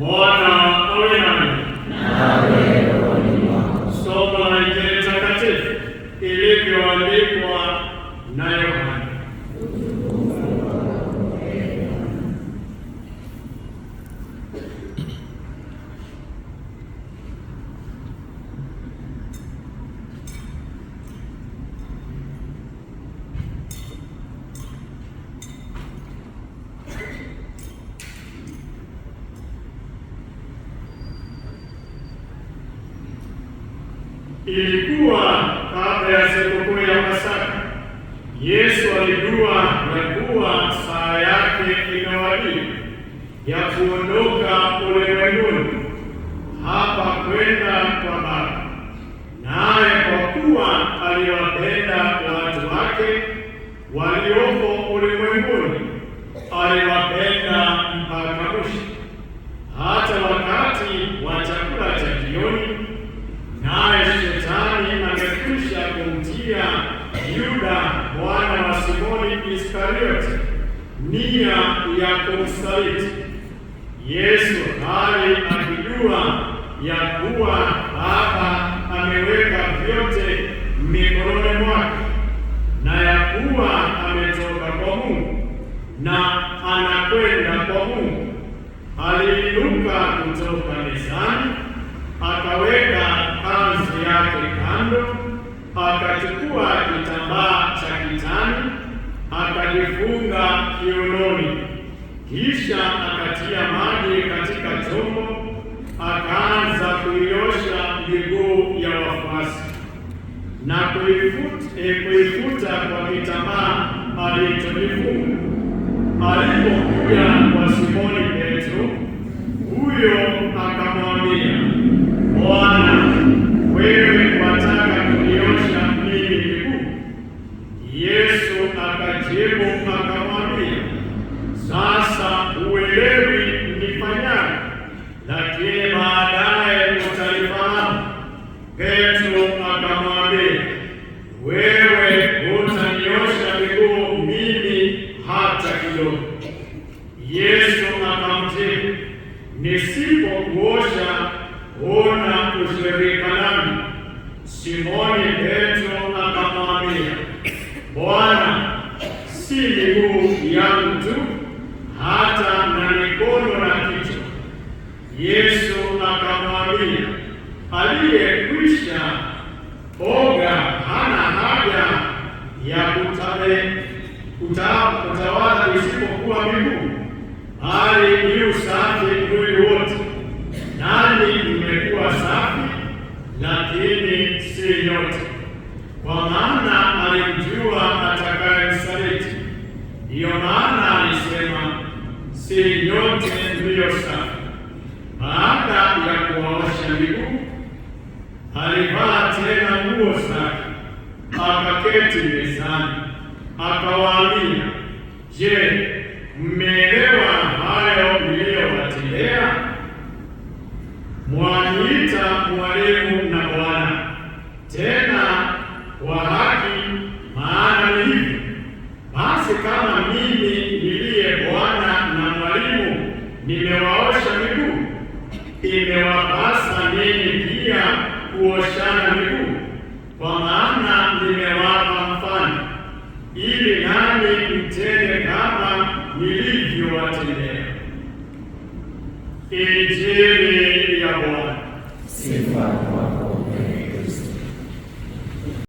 Bwana awe nanyi nawe rohoni mwako. Somo la Injili takatifu ilivyoandikwa na Yohana. Ilikuwa kabla ya sikukuu ya Pasaka. Yesu alijua ya kuwa saa yake imewadia ya kuondoka ulimwenguni hapa kwenda kwa Baba, naye kwa kuwa aliwapenda watu wake walioko ulimwenguni Iskarioti, nia ya kumsaliti Yesu, hali akijua ya kuwa Baba ameweka vyote mikononi mwake na ya kuwa ametoka kwa Mungu na anakwenda kwa Mungu, aliinuka kutoka mezani, akaweka kanzu yake kando, akachukua kitambaa cha kitani akajifunga kiunoni, kisha akatia maji katika chombo, akaanza kuiosha miguu ya wafuasi na e, kuifuta kwa kitambaa alichojifunga. Alipokuja kwa Simoni Petro, huyo akamwambia Petro akamwambia, wewe hutaniosha miguu mimi hata kidogo. Yesu akamjibu, nisipokuosha huna ushirika nami. Simoni Petro akamwambia, Bwana, si miguu yangu tu, hata na mikono na kichwa. Yesu akamwambia aliyekwisha oga hana haja ya kutawala isipokuwa miguu, bali yu safi mwili wote. Nani imekuwa safi, lakini si yote. Kwa maana alimjua atakayemsaliti. Ndiyo maana alisema si yote ndiyo safi, baada ya kuwaosha miguu alivaa tena nguo zake, akaketi mezani, akawaambia, Je, mmeelewa hayo niliyowatendea? Mwaniita mwalimu na Bwana, tena kwa haki, maana ni hivyo. Basi kama mimi niliye Bwana na mwalimu nimewaosha miguu, imewapasa ninyi pia kuoshana miguu, kwa maana nimewapa mfano, ili nani mtende kama nilivyowatendea. Injili ya Bwana. Sifa kwako.